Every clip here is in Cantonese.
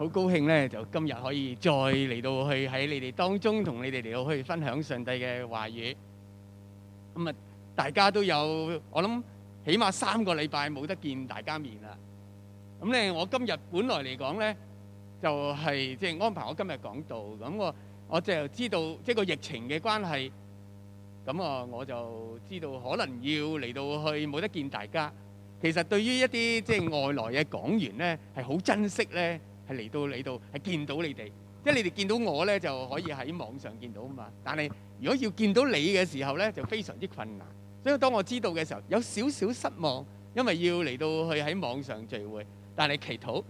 好高興咧！就今日可以再嚟到去喺你哋當中，同你哋嚟到去分享上帝嘅話語。咁啊，大家都有我諗，起碼三個禮拜冇得見大家面啦。咁咧，我今日本來嚟講咧，就係即係安排我今日講道。咁我我就知道即係個疫情嘅關係。咁啊，我就知道可能要嚟到去冇得見大家。其實對於一啲即係外來嘅講員咧，係好珍惜咧。係嚟到你度，係見到你哋，即係你哋見到我呢就可以喺網上見到啊嘛。但係如果要見到你嘅時候呢，就非常之困難。所以當我知道嘅時候，有少少失望，因為要嚟到去喺網上聚會。但係祈禱，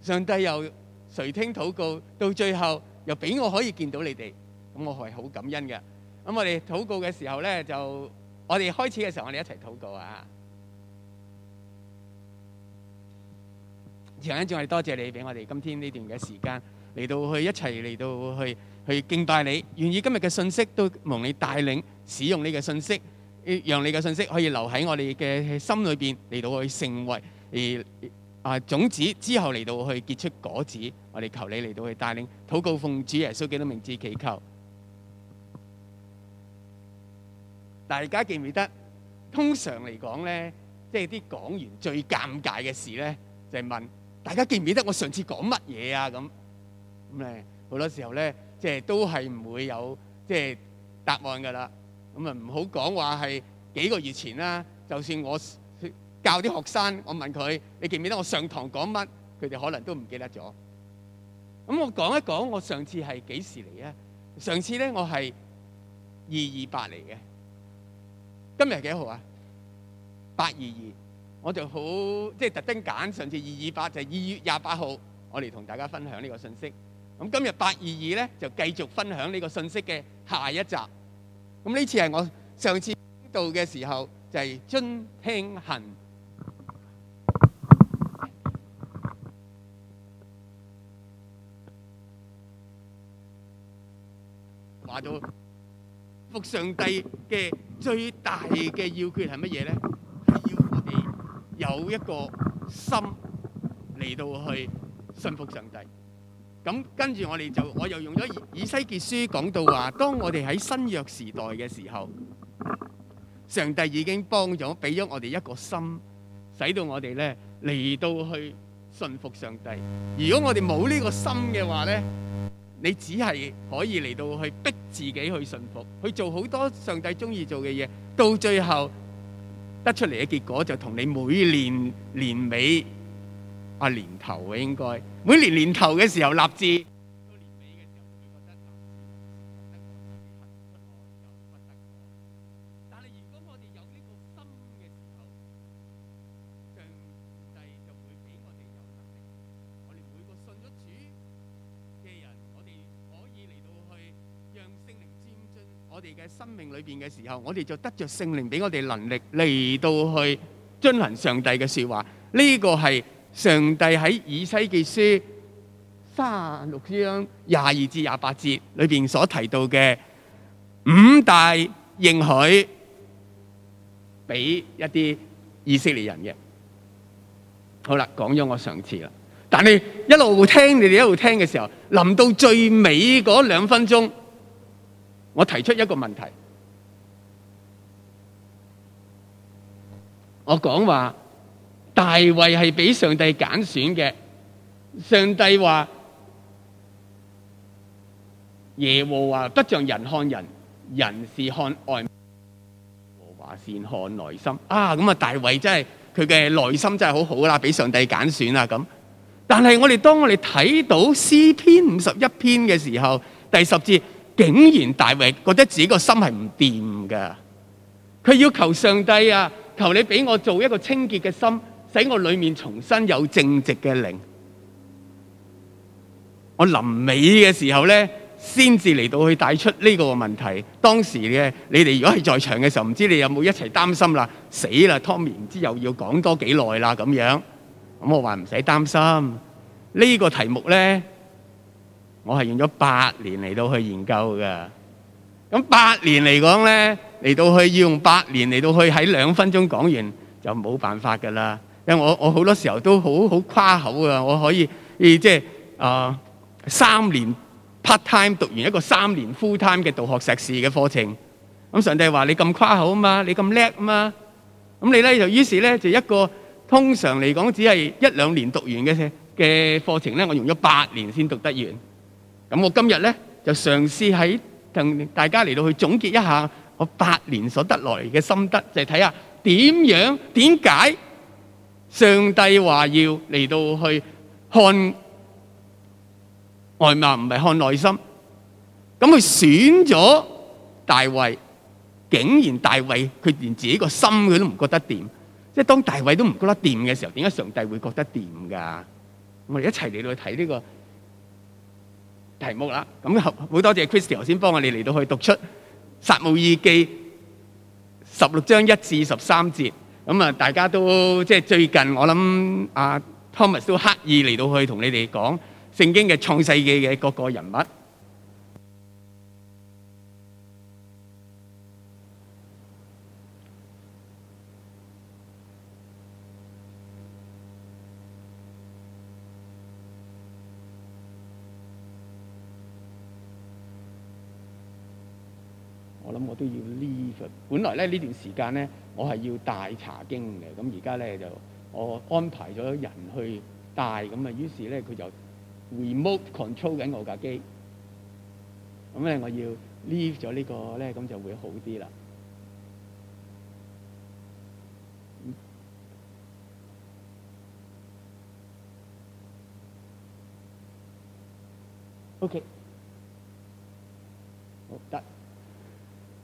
上帝又垂聽禱告，到最後又俾我可以見到你哋，咁我係好感恩嘅。咁我哋禱告嘅時候呢，就我哋開始嘅時候，我哋一齊禱告啊！長安，我哋多謝你俾我哋今天呢段嘅時間，嚟到去一齊嚟到去去敬拜你，願意今日嘅信息都蒙你帶領，使用你嘅信息，讓你嘅信息可以留喺我哋嘅心裏邊，嚟到去成為而啊種子之後嚟到去結出果子，我哋求你嚟到去帶領，禱告奉主耶穌基督名字祈求。大家記唔記得？通常嚟講咧，即係啲講員最尷尬嘅事咧，就係問。大家記唔記得我上次講乜嘢啊？咁咁咧好多時候咧，即係都係唔會有即係答案㗎啦。咁啊唔好講話係幾個月前啦。就算我教啲學生，我問佢你記唔記得我上堂講乜，佢哋可能都唔記得咗。咁我講一講我上次係幾時嚟啊？上次咧我係二二八嚟嘅。今日係幾號啊？八二二。我就好即係特登揀上次二二八就係、是、二月廿八號，我嚟同大家分享呢個信息。咁今日八二二咧就繼續分享呢個信息嘅下一集。咁呢次係我上次到嘅時候就係、是、尊聽行話到服上帝嘅最大嘅要訣係乜嘢咧？有一個心嚟到去信服上帝。咁跟住我哋就，我又用咗以西結書講到話，當我哋喺新約時代嘅時候，上帝已經幫咗，俾咗我哋一個心，使到我哋呢嚟到去信服上帝。如果我哋冇呢個心嘅話呢，你只係可以嚟到去逼自己去信服，去做好多上帝鍾意做嘅嘢，到最後，得出嚟嘅結果就同你每年年尾啊，年頭啊應該每年年頭嘅時候立志。嘅時候，我哋就得著聖靈俾我哋能力嚟，到去遵行上帝嘅說話。呢個係上帝喺以西記書卅六章廿二至廿八節裏邊所提到嘅五大應許，俾一啲以色列人嘅。好啦，講咗我上次啦，但係一路聽你哋一路聽嘅時候，臨到最尾嗰兩分鐘，我提出一個問題。我講話大衛係俾上帝揀選嘅。上帝話，耶和華不像人看人，人是看外貌，耶和華是看內心啊。咁啊，大衛真係佢嘅內心真係好好啦，俾上帝揀選啊。咁但係我哋當我哋睇到詩篇五十一篇嘅時候，第十節竟然大衛覺得自己個心係唔掂噶，佢要求上帝啊。求你俾我做一個清潔嘅心，使我裏面重新有正直嘅靈。我臨尾嘅時候咧，先至嚟到去帶出呢個問題。當時嘅你哋如果係在場嘅時候，唔知你有冇一齊擔心啦，死啦，Tommy 唔知又要講多幾耐啦咁樣。咁我話唔使擔心，呢個題目咧，我係用咗八年嚟到去研究噶。咁八年嚟講咧，嚟到去要用八年嚟到去喺兩分鐘講完就冇辦法噶啦。因為我我好多時候都好好誇口啊，我可以，即係啊三年 part time 讀完一個三年 full time 嘅道學碩士嘅課程。咁上帝話你咁誇口啊嘛，你咁叻啊嘛。咁你咧就於是咧就一個通常嚟講只係一兩年讀完嘅嘅課程咧，我用咗八年先讀得完。咁我今日咧就嘗試喺。同大家嚟到去總結一下我八年所得來嘅心得，就睇下點樣點解上帝話要嚟到去看外貌，唔係看內心。咁佢選咗大衛，竟然大衛佢連自己個心佢都唔覺得掂。即係當大衛都唔覺得掂嘅時候，點解上帝會覺得掂噶？我哋一齊嚟到去睇呢個。題目啦，咁好多謝 Kristy 頭先幫我哋嚟到去讀出《撒母耳記》十六章一至十三節，咁啊大家都即係最近我諗阿 Thomas 都刻意嚟到去同你哋講聖經嘅創世記嘅各個人物。都要 leave。本來咧呢段時間咧，我係要帶查經嘅，咁而家咧就我安排咗人去帶，咁啊於是咧佢就 remote control 緊我架機，咁咧我要 leave 咗呢、呢個咧，咁就會好啲啦。OK，好得。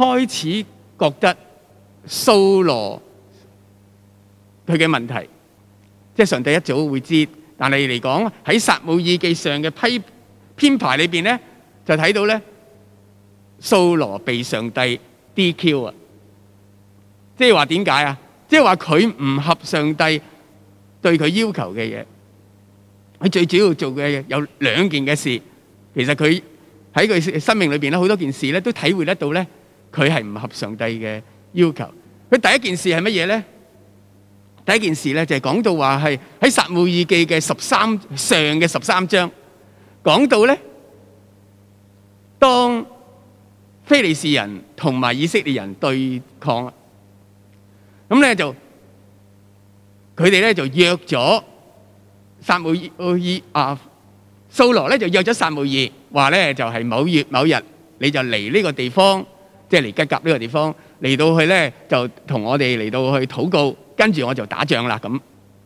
開始覺得掃羅佢嘅問題，即係上帝一早會知。但係嚟講喺撒母耳記上嘅批編排裏邊咧，就睇到咧掃羅被上帝 DQ 啊！即係話點解啊？即係話佢唔合上帝對佢要求嘅嘢。佢最主要做嘅嘢有兩件嘅事，其實佢喺佢生命裏邊咧好多件事咧都體會得到咧。佢係唔合上帝嘅要求。佢第一件事係乜嘢咧？第一件事咧就係講到話係喺《撒母耳記》嘅十三上嘅十三章講到咧，當非利士人同埋以色列人對抗啦，咁咧就佢哋咧就約咗撒母耳。阿掃羅咧就約咗撒母耳，話咧就係某月某日你就嚟呢個地方。即係嚟吉甲呢個地方嚟到去咧，就同我哋嚟到去禱告，跟住我就打仗啦咁，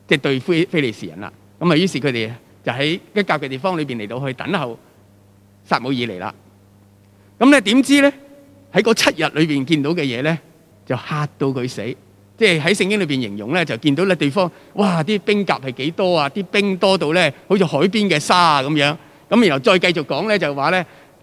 即係對非非利士人啦。咁啊，於是佢哋就喺吉甲嘅地方裏邊嚟到去等候撒母耳嚟啦。咁咧點知咧喺嗰七日裏邊見到嘅嘢咧，就嚇到佢死。即係喺聖經裏邊形容咧，就見到咧地方哇啲兵甲係幾多啊？啲兵多到咧好似海邊嘅沙啊咁樣。咁然後再繼續講咧就話咧。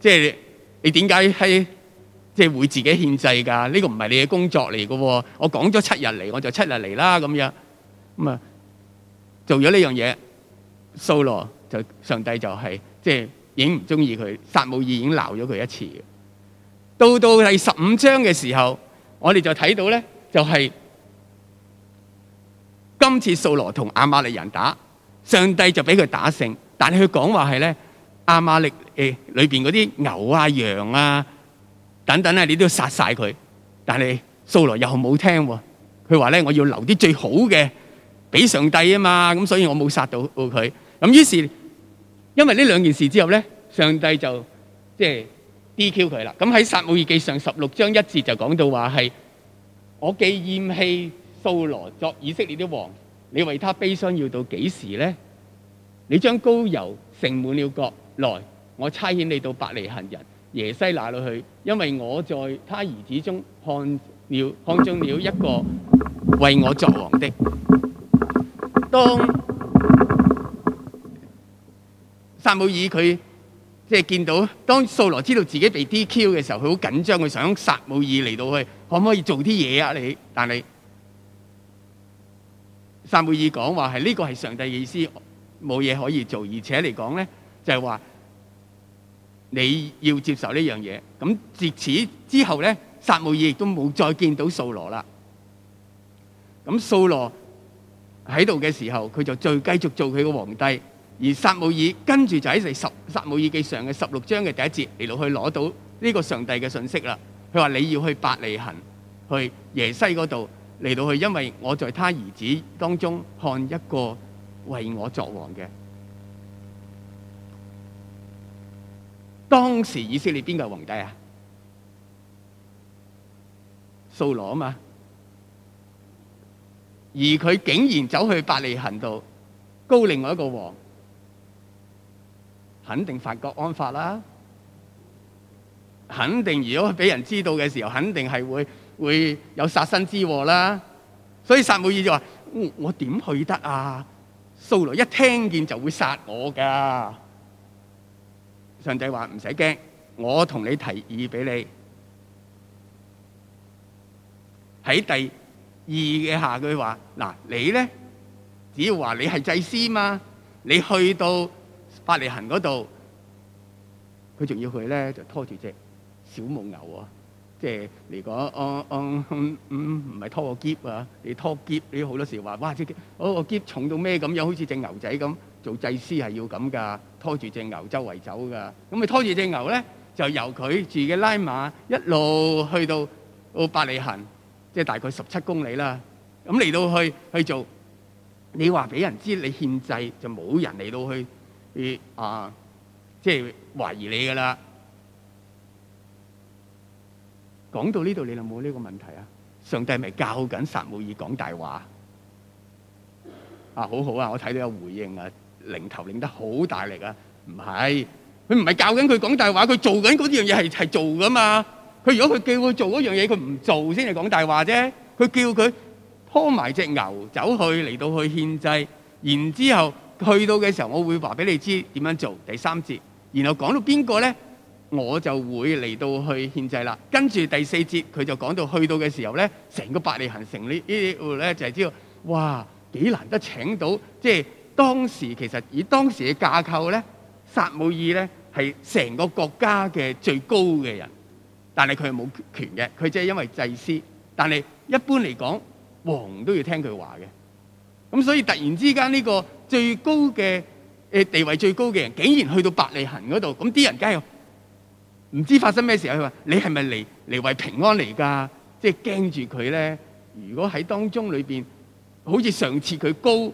即係你點解喺即係會自己限制噶？呢個唔係你嘅工作嚟噶。我講咗七日嚟，我就七日嚟啦。咁樣咁啊，做咗呢樣嘢，掃羅就上帝就係即係已經唔中意佢，撒母耳已經鬧咗佢一次。到到第十五章嘅時候，我哋就睇到咧，就係今次掃羅同亞瑪利人打，上帝就俾佢打勝，但係佢講話係咧。阿瑪力誒裏邊嗰啲牛啊羊啊等等啊，你都要殺曬佢。但係掃羅又冇聽，佢話咧，我要留啲最好嘅俾上帝啊嘛，咁所以我冇殺到到佢。咁於是因為呢兩件事之後咧，上帝就即係 DQ 佢啦。咁喺《撒母耳記》上十六章一節就講到話係：我既厭棄掃羅作以色列的王，你為他悲傷要到幾時咧？你將膏油盛滿了角。來，我差遣你到伯利恆人耶西那裏去，因為我在他兒子中看了看中了一個為我作王的。當撒母耳佢即係見到，當掃羅知道自己被 DQ 嘅時候，佢好緊張，佢想撒母耳嚟到去，可唔可以做啲嘢啊？你，但係撒母耳講話係呢個係上帝嘅意思，冇嘢可以做，而且嚟講呢就係、是、話。你要接受呢樣嘢，咁自此之後咧，撒母耳亦都冇再見到掃羅啦。咁掃羅喺度嘅時候，佢就再繼續做佢個皇帝，而撒母耳跟住就喺第十撒母耳記上嘅十六章嘅第一節嚟到去攞到呢個上帝嘅訊息啦。佢話你要去伯利恆，去耶西嗰度嚟到去，因為我在他兒子當中看一個為我作王嘅。當時以色列邊個皇帝啊？掃羅啊嘛，而佢竟然走去伯利恆度，膏另外一個王，肯定犯國安法啦，肯定如果俾人知道嘅時候，肯定係會，會有殺身之禍啦。所以撒母耳就話：我點去得啊？掃羅一聽見就會殺我㗎。上帝話：唔使驚，我同你提議俾你喺第二嘅下句話嗱，你咧只要話你係祭司嘛，你去到伯利恆嗰度，佢仲要佢咧就拖住隻小母牛啊，即係如果嗯嗯嗯唔係拖個喼啊，你拖喼，你好多時話哇，只我個喼重到咩咁樣，好似隻牛仔咁，做祭司係要咁㗎。拖住隻牛周圍走㗎，咁咪拖住隻牛咧，就由佢住嘅拉馬一路去到到伯利恆，即係大概十七公里啦。咁嚟到去去做，你話俾人知你獻祭，就冇人嚟到去誒啊！即係懷疑你㗎啦。講到呢度，你有冇呢個問題啊？上帝咪教緊撒母耳講大話啊！好好啊，我睇到有回應啊。領頭領得好大力啊！唔係，佢唔係教緊佢講大話，佢做緊嗰啲樣嘢係係做㗎嘛。佢如果佢叫佢做嗰樣嘢，佢唔做先係講大話啫。佢叫佢拖埋隻牛走去嚟到去獻祭，然之後去到嘅時候，我會話俾你知點樣做，第三節。然後講到邊個呢，我就會嚟到去獻祭啦。跟住第四節，佢就講到去到嘅時候呢，成個伯利恆城呢呢度呢就係知道，哇，幾難得請到即係。當時其實以當時嘅架構咧，撒母耳咧係成個國家嘅最高嘅人，但係佢係冇權嘅，佢即係因為祭司。但係一般嚟講，王都要聽佢話嘅。咁所以突然之間呢個最高嘅誒地位最高嘅人，竟然去到伯利恆嗰度，咁啲人梗係唔知發生咩事。佢話：你係咪嚟嚟為平安嚟㗎？即係驚住佢咧。如果喺當中裏邊，好似上次佢高。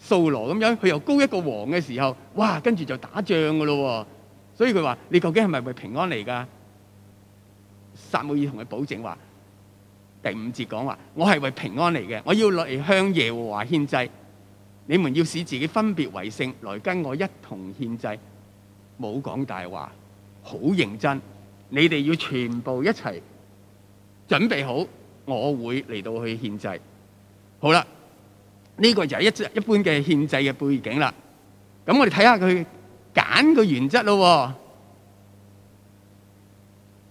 掃羅咁樣，佢又高一個王嘅時候，哇！跟住就打仗噶咯，所以佢話：你究竟係咪為平安嚟噶？撒母耳同佢保證話：第五節講話，我係為平安嚟嘅，我要嚟向耶和華獻祭，你們要使自己分別為聖，來跟我一同獻祭。冇講大話，好認真，你哋要全部一齊準備好，我會嚟到去獻祭。好啦。呢、這個就係一一般嘅獻祭嘅背景啦。咁我哋睇下佢揀嘅原則咯。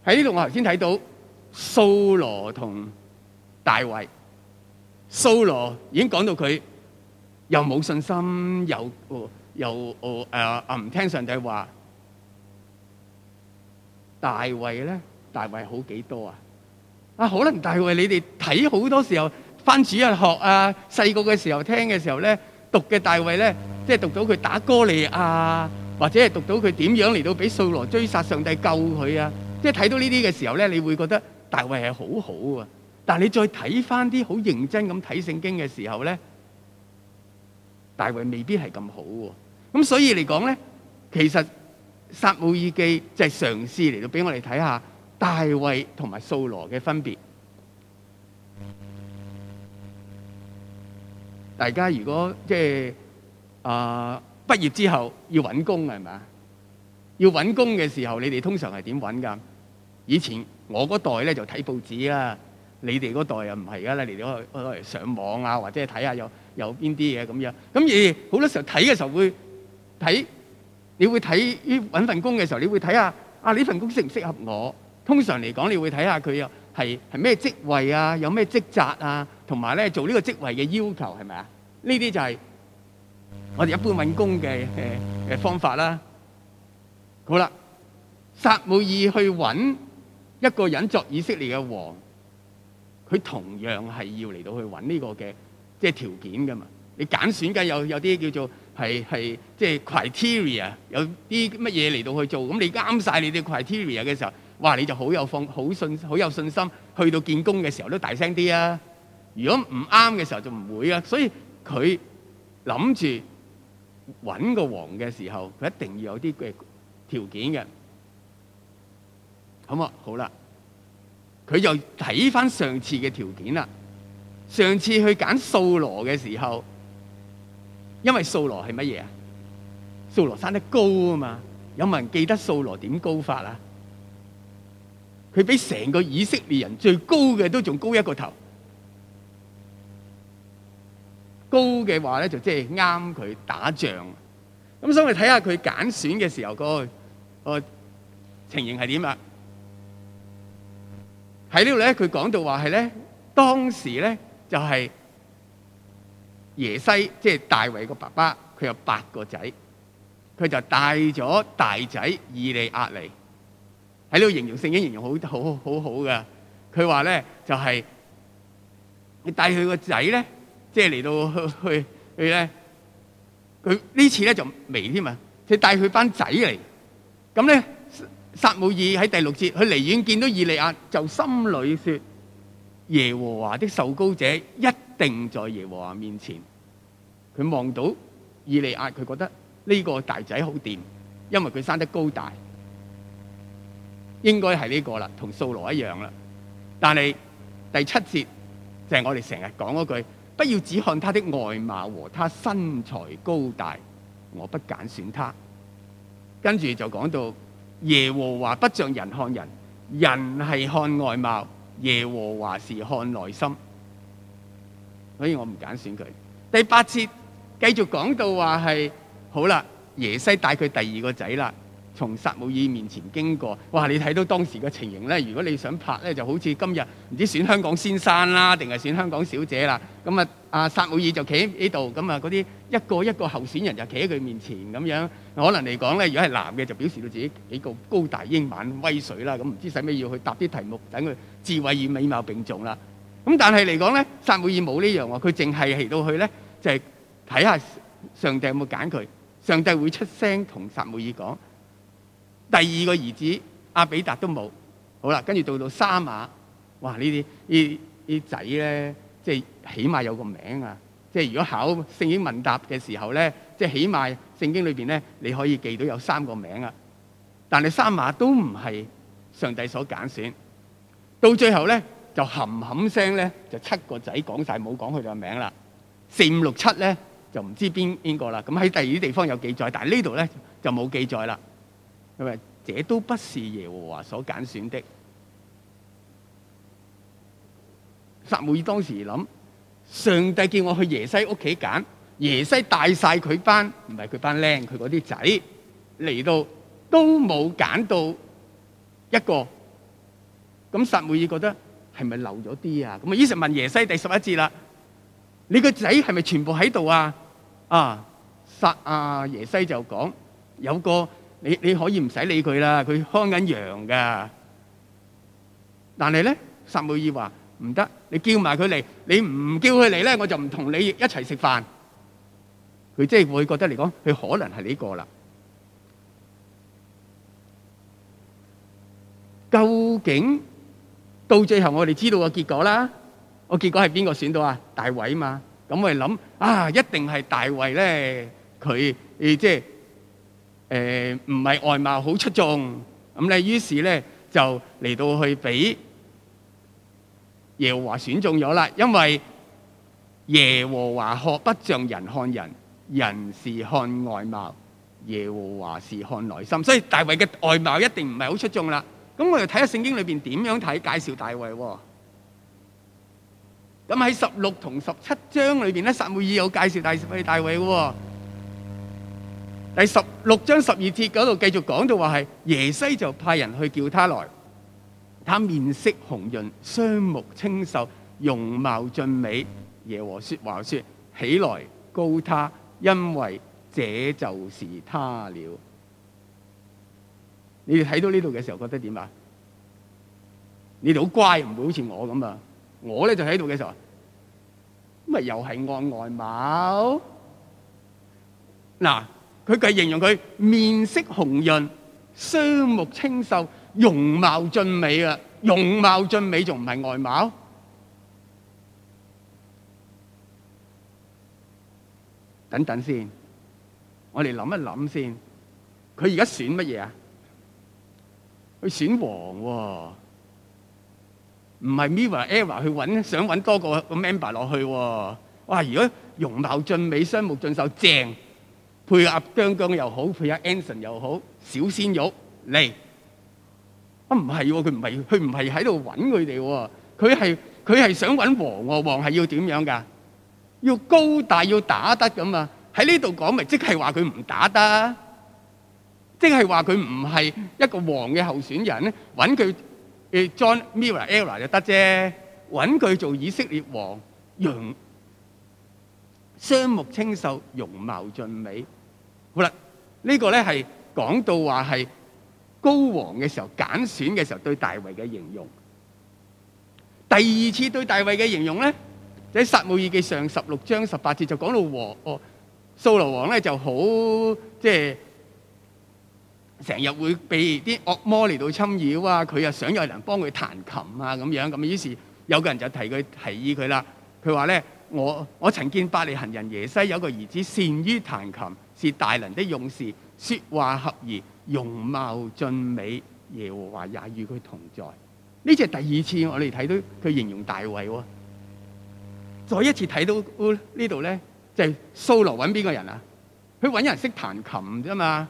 喺呢度我頭先睇到掃羅同大衛。掃羅已經講到佢又冇信心，又又誒唔、啊啊、唔聽上帝話。大衛咧，大衛好幾多啊？啊，可能大衛你哋睇好多時候。翻主日學啊，細個嘅時候聽嘅時候咧，讀嘅大衛咧，即係讀到佢打哥利亞，或者係讀到佢點樣嚟到俾掃羅追殺，上帝救佢啊！即係睇到呢啲嘅時候咧，你會覺得大衛係好好啊。但係你再睇翻啲好認真咁睇聖經嘅時候咧，大衛未必係咁好啊。咁所以嚟講咧，其實撒母耳記就係嘗試嚟到俾我哋睇下大衛同埋掃羅嘅分別。大家如果即係啊畢業之後要揾工係咪？要揾工嘅時候，你哋通常係點揾㗎？以前我嗰代咧就睇報紙啦；你哋嗰代又唔係㗎啦，你哋攞攞上網啊，或者睇下有有邊啲嘢咁樣。咁而好多時候睇嘅時候會睇，你會睇呢揾份工嘅時候，你會睇下啊呢份工適唔適合我？通常嚟講，你會睇下佢啊。係係咩職位啊？有咩職責啊？同埋咧做呢個職位嘅要求係咪、呃呃、啊？呢啲就係我哋一般揾工嘅嘅方法啦。好啦，撒母耳去揾一個人作以色列嘅王，佢同樣係要嚟到去揾呢個嘅即係條件㗎嘛。你揀選緊有有啲叫做係係即係 criteria，有啲乜嘢嚟到去做咁？噉你啱晒你哋 criteria 嘅時候。哇！你就好有放好信好有信心，去到建功嘅時候都大聲啲啊！如果唔啱嘅時候就唔會啊！所以佢諗住揾個王嘅時候，佢一定要有啲嘅條件嘅。咁啊，好啦，佢就睇翻上次嘅條件啦。上次去揀掃羅嘅時候，因為掃羅係乜嘢啊？掃羅生得高啊嘛！有冇人記得掃羅點高法啊？佢比成個以色列人最高嘅都仲高一個頭，高嘅話咧就即係啱佢打仗。咁所以我哋睇下佢揀選嘅時候個個情形係點呀？喺呢度咧，佢講到話係咧，當時咧就係耶西，即係大衛個爸爸，佢有八個仔，佢就帶咗大仔以利押利。喺呢個形容性已經形容好好好好噶，佢話咧就係你帶佢個仔咧，即係嚟到去去去咧，佢呢次咧就微添啊！佢帶佢班仔嚟，咁咧撒撒母耳喺第六節，佢離遠見到以利押，就心裏說：耶和華的受膏者一定在耶和華面前。佢望到以利押，佢覺得呢個大仔好掂，因為佢生得高大。應該係呢個啦，同掃羅一樣啦。但係第七節就係、是、我哋成日講嗰句，不要只看他的外貌和他身材高大，我不揀選,選他。跟住就講到耶和華不像人看人，人係看外貌，耶和華是看內心，所以我唔揀選佢。第八節繼續講到話係好啦，耶西帶佢第二個仔啦。從撒母耳面前經過，哇！你睇到當時嘅情形呢。如果你想拍呢，就好似今日唔知選香港先生啦，定係選香港小姐啦。咁啊，阿撒母耳就企喺呢度，咁啊嗰啲一個一個候選人就企喺佢面前咁樣。可能嚟講呢，如果係男嘅就表示到自己幾個高大英猛威水啦。咁唔知使咩要去答啲題目，等佢智慧與美貌並重啦。咁但係嚟講呢，撒母耳冇呢樣喎，佢淨係嚟到去呢，就係睇下上帝有冇揀佢。上帝會出聲同撒母耳講。第二個兒子阿比達都冇好啦，跟住到到三馬哇！呢啲呢啲仔咧，即係起碼有個名啊！即係如果考聖經問答嘅時候咧，即係起碼聖經裏面咧，你可以記到有三個名啊！但係三馬都唔係上帝所揀選，到最後咧就冚冚聲咧，就七個仔講晒冇講佢哋嘅名啦。四、五、六、七咧就唔知邊邊個啦。咁喺第二啲地方有記載，但係呢度咧就冇記載啦。咁啊，這都不是耶和華所揀選的。撒母耳當時諗，上帝叫我去耶西屋企揀，耶西帶晒佢班，唔係佢班靚，佢嗰啲仔嚟到都冇揀到一個。咁撒母耳覺得係咪漏咗啲啊？咁啊，於是問耶西第十一節啦，你個仔係咪全部喺度啊？啊，撒啊耶西就講有個。你你可以唔使理佢啦，佢看緊羊噶。但係咧，撒母耳話唔得，你叫埋佢嚟，你唔叫佢嚟咧，我就唔同你一齊食飯。佢即係會覺得嚟講，佢可能係呢個啦。究竟到最後我哋知道個結果啦。個結果係邊個選到啊？大衛嘛，咁我哋諗啊，一定係大衛咧，佢即係。誒唔係外貌好出眾，咁咧於是咧就嚟到去俾耶和華選中咗啦。因為耶和華學不像人看人，人是看外貌，耶和華是看內心。所以大衛嘅外貌一定唔係好出眾啦。咁我哋睇下聖經裏邊點樣睇介紹大衛喎，啊？咁喺十六同十七章裏邊咧，撒母耳有介紹大衛大衛嘅喎。第十六章十二節嗰度繼續講到話係耶西就派人去叫他來，他面色紅潤，雙目清秀，容貌俊美。耶和華說話，說：起來膏他，因為這就是他了。你哋睇到呢度嘅時候覺得點啊？你哋好乖，唔會好似我咁啊！我咧就喺度嘅時候，咪又係按外貌嗱。佢繼續形容佢面色紅潤、雙目清秀、容貌俊美啊！容貌俊美仲唔係外貌？等等先，我哋諗一諗先。佢而家選乜嘢啊？佢選王喎，唔係 Mirror、Error 去揾，想揾多個個 member 落去喎。哇！如果容貌俊美、雙目俊秀正。配合姜姜又好，配合 Anson 又好，小鮮肉嚟，啊唔係喎，佢唔係，佢唔係喺度揾佢哋喎，佢係佢係想揾王喎，哦，王係要點樣㗎？要高大，要打得咁啊！喺呢度講咪即係話佢唔打得，即係話佢唔係一個王嘅候選人，揾佢、uh, John mila ella 就得啫，揾佢做以色列王，容雙目清秀，容貌俊美。好啦，呢、這個咧係講到話係高王嘅時候，揀選嘅時候對大衛嘅形容。第二次對大衛嘅形容咧，就喺撒母耳記上十六章十八節就講到王哦，掃羅王咧就好即係成日會被啲惡魔嚟到侵擾啊。佢又想有人幫佢彈琴啊，咁樣咁於是有個人就提佢提議佢啦。佢話咧：我我曾見伯利恆人耶西有個兒子善於彈琴。是大能的勇士，說話合宜，容貌俊美。耶和華也與佢同在。呢次係第二次我哋睇到佢形容大衛喎，再一次睇到這裡呢度咧，就係掃羅揾邊個人啊？佢揾人識彈琴啫嘛。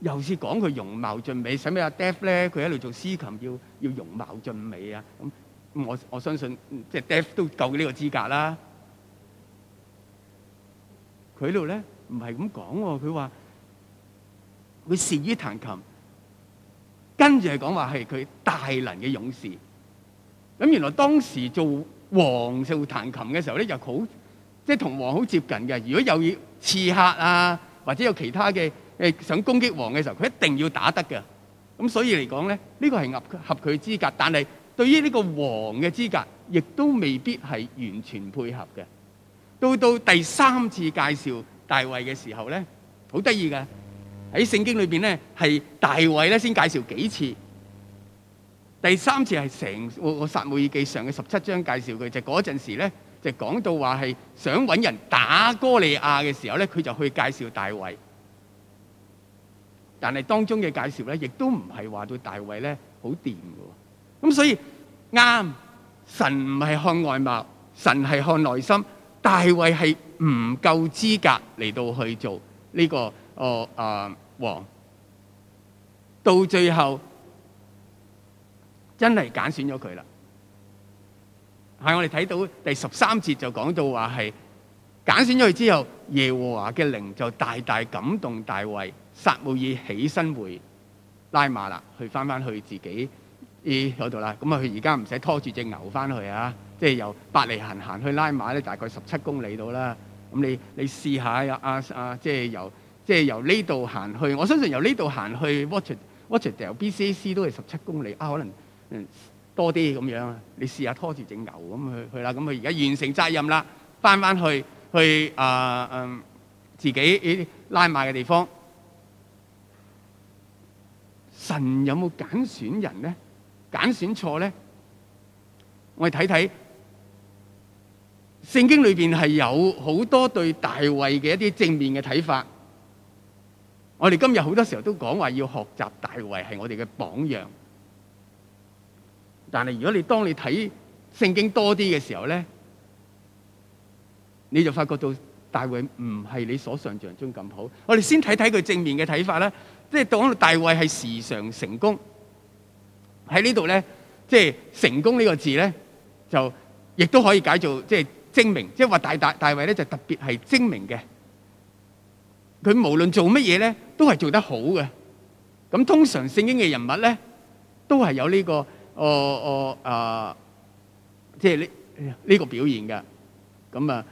又是講佢容貌俊美，使咩啊？Dave e 咧，佢喺度做司琴，要要容貌俊美啊。咁我我相信即係 Dave 都夠呢個資格啦。佢喺度咧？唔係咁講喎，佢話佢善於彈琴，跟住係講話係佢大能嘅勇士。咁原來當時做王就彈琴嘅時候咧，又好即係同王好接近嘅。如果有要刺客啊，或者有其他嘅誒想攻擊王嘅時候，佢一定要打得嘅。咁所以嚟講咧，呢個係合合佢嘅資格，但係對於呢個王嘅資格，亦都未必係完全配合嘅。到到第三次介紹。大衛嘅時候咧，好得意嘅，喺聖經裏邊咧，係大衛咧先介紹幾次，第三次係成我我撒母耳記上嘅十七章介紹佢，就嗰、是、陣時咧就講到話係想揾人打哥利亞嘅時候咧，佢就去介紹大衛，但係當中嘅介紹咧，亦都唔係話到大衛咧好掂嘅，咁所以啱神唔係看外貌，神係看內心，大衛係。唔夠資格嚟到去做呢個哦啊王，到最後真係揀選咗佢啦。係我哋睇到第十三節就講到話係揀選咗佢之後，耶和華嘅靈就大大感動大衛。撒母耳起身回拉馬啦，去翻翻去自己依嗰度啦。咁、欸、啊，佢而家唔使拖住隻牛翻去啊，即係由伯利恆行去拉馬咧，大概十七公里度啦。咁你你試下呀啊啊！即係由即係由呢度行去，我相信由呢度行去 Watchet Watchet 由 B C A C 都係十七公里啊，可能嗯多啲咁樣啊，你試下拖住隻牛咁去去啦。咁佢而家完成責任啦，返返去去啊嗯自己拉埋嘅地方。神有冇揀選人咧？揀選錯咧？我哋睇睇。聖經裏邊係有好多對大衛嘅一啲正面嘅睇法，我哋今日好多時候都講話要學習大衛係我哋嘅榜樣，但係如果你當你睇聖經多啲嘅時候咧，你就發覺到大衛唔係你所想像中咁好。我哋先睇睇佢正面嘅睇法啦，即係當大衛係時常成功喺呢度咧，即係成功呢個字咧就亦都可以解做即係。精明，即係話大大大衛咧，就特別係精明嘅。佢無論做乜嘢咧，都係做得好嘅。咁通常聖經嘅人物咧，都係有呢個哦哦啊，即係呢呢個表現嘅。咁啊，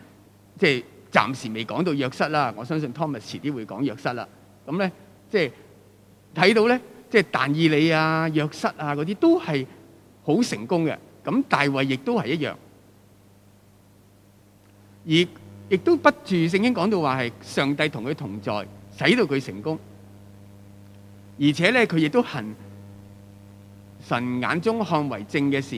即係暫時未講到約瑟啦。我相信 Thomas 遲啲會講約瑟啦。咁咧，即係睇到咧，即係但以理啊、約瑟啊嗰啲都係好成功嘅。咁大衛亦都係一樣。而亦都不住，聖經講到話係上帝同佢同在，使到佢成功。而且呢，佢亦都行神眼中看為正嘅事，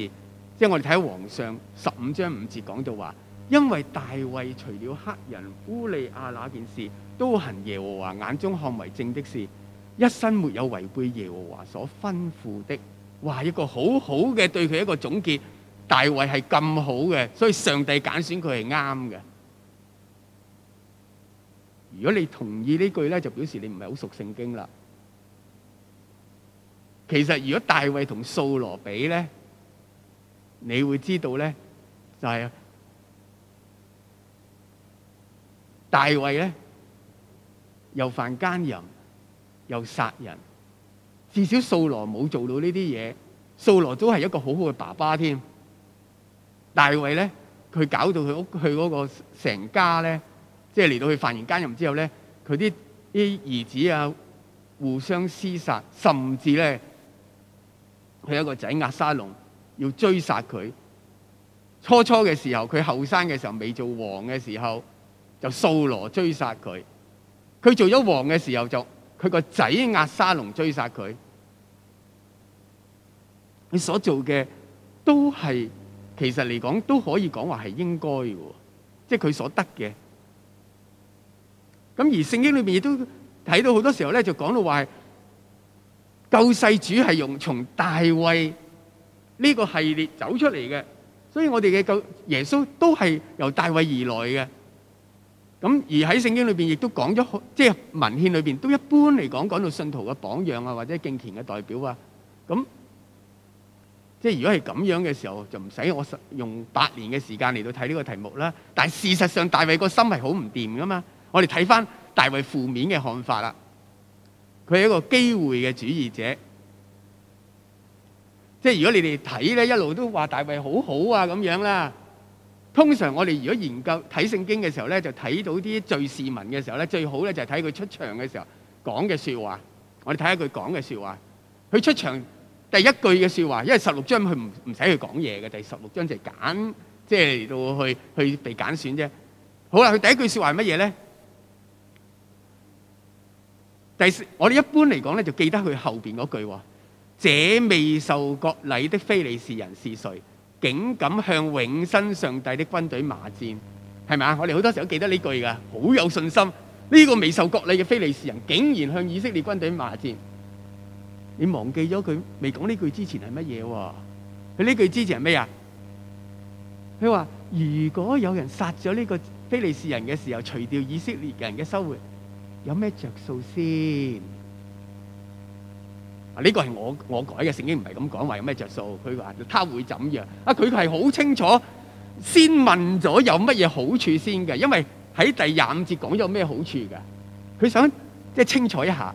即係我哋睇下王上十五章五節講到話，因為大衛除了黑人烏利亞那件事，都行耶和華眼中看為正的事，一生沒有違背耶和華所吩咐的。哇，一個好好嘅對佢一個總結。大衛係咁好嘅，所以上帝揀選佢係啱嘅。如果你同意呢句咧，就表示你唔係好熟聖經啦。其實如果大衛同掃羅比咧，你會知道咧，就係呀，大衛咧又犯奸淫，又殺人。至少掃羅冇做到呢啲嘢，掃羅都係一個好好嘅爸爸添。大衛咧，佢搞到佢屋佢嗰個成家咧，即係嚟到去犯完奸淫之後咧，佢啲啲兒子啊互相廝殺，甚至咧佢有個仔押沙龍要追殺佢。初初嘅時候，佢後生嘅時候未做王嘅時候，就掃羅追殺佢；佢做咗王嘅時候，就佢個仔押沙龍追殺佢。佢所做嘅都係。其實嚟講都可以講話係應該嘅，即係佢所得嘅。咁而聖經裏邊亦都睇到好多時候咧就講到話，救世主係用從大衛呢個系列，走出嚟嘅，所以我哋嘅救耶穌都係由大衛而來嘅。咁而喺聖經裏邊亦都講咗，即係文獻裏邊都一般嚟講講到信徒嘅榜樣啊，或者敬虔嘅代表啊，咁。即係如果係咁樣嘅時候，就唔使我用八年嘅時間嚟到睇呢個題目啦。但係事實上，大衛個心係好唔掂噶嘛。我哋睇翻大衛負面嘅看法啦。佢係一個機會嘅主義者。即係如果你哋睇呢，一路都話大衛好好啊咁樣啦。通常我哋如果研究睇聖經嘅時候呢，就睇到啲罪市民嘅時候呢，最好呢就係睇佢出場嘅時候講嘅説話。我哋睇下佢講嘅説話。佢出場。第一句嘅説話，因為十六章佢唔唔使去講嘢嘅，第十六章就係揀，即係嚟到去去被揀選啫。好啦，佢第一句説話係乜嘢呢？第四，我哋一般嚟講呢就記得佢後邊嗰句話：這未受割禮的非利士人是誰，竟敢向永生上帝的軍隊罵戰？係咪啊？我哋好多時候都記得呢句㗎，好有信心。呢個未受割禮嘅非利士人，竟然向以色列軍隊罵戰。你忘記咗佢未講呢句之前係乜嘢喎？佢呢句之前係咩啊？佢話：如果有人殺咗呢個非利士人嘅時候，除掉以色列人嘅生活，有咩著數先？啊，呢個係我我改嘅。聖經唔係咁講話有咩著數，佢話他會怎樣？啊，佢係好清楚先問咗有乜嘢好處先嘅，因為喺第廿五節講有咩好處嘅。佢想即係清楚一下。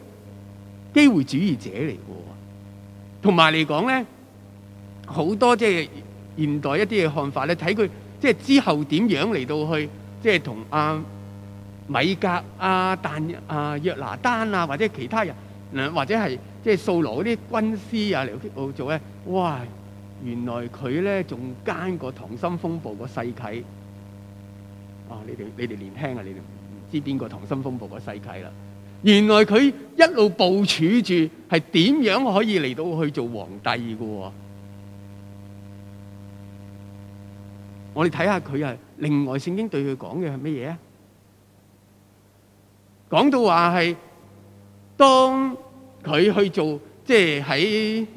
機會主義者嚟嘅喎，同埋嚟講咧，好多即係現代一啲嘅看法咧，睇佢即係之後點樣嚟到去，即係同阿米格、阿、啊、但、阿、啊、約拿單啊，或者其他人，或者係即係掃羅嗰啲軍師啊嚟做咧，哇！原來佢咧仲奸過溏心風暴個世紀。哦，你哋你哋年輕啊，你哋唔、啊、知邊個溏心風暴個世紀啦。原來佢一路部署住係點樣可以嚟到去做皇帝噶？我哋睇下佢係，另外聖經對佢講嘅係乜嘢啊？講到話係當佢去做，即係喺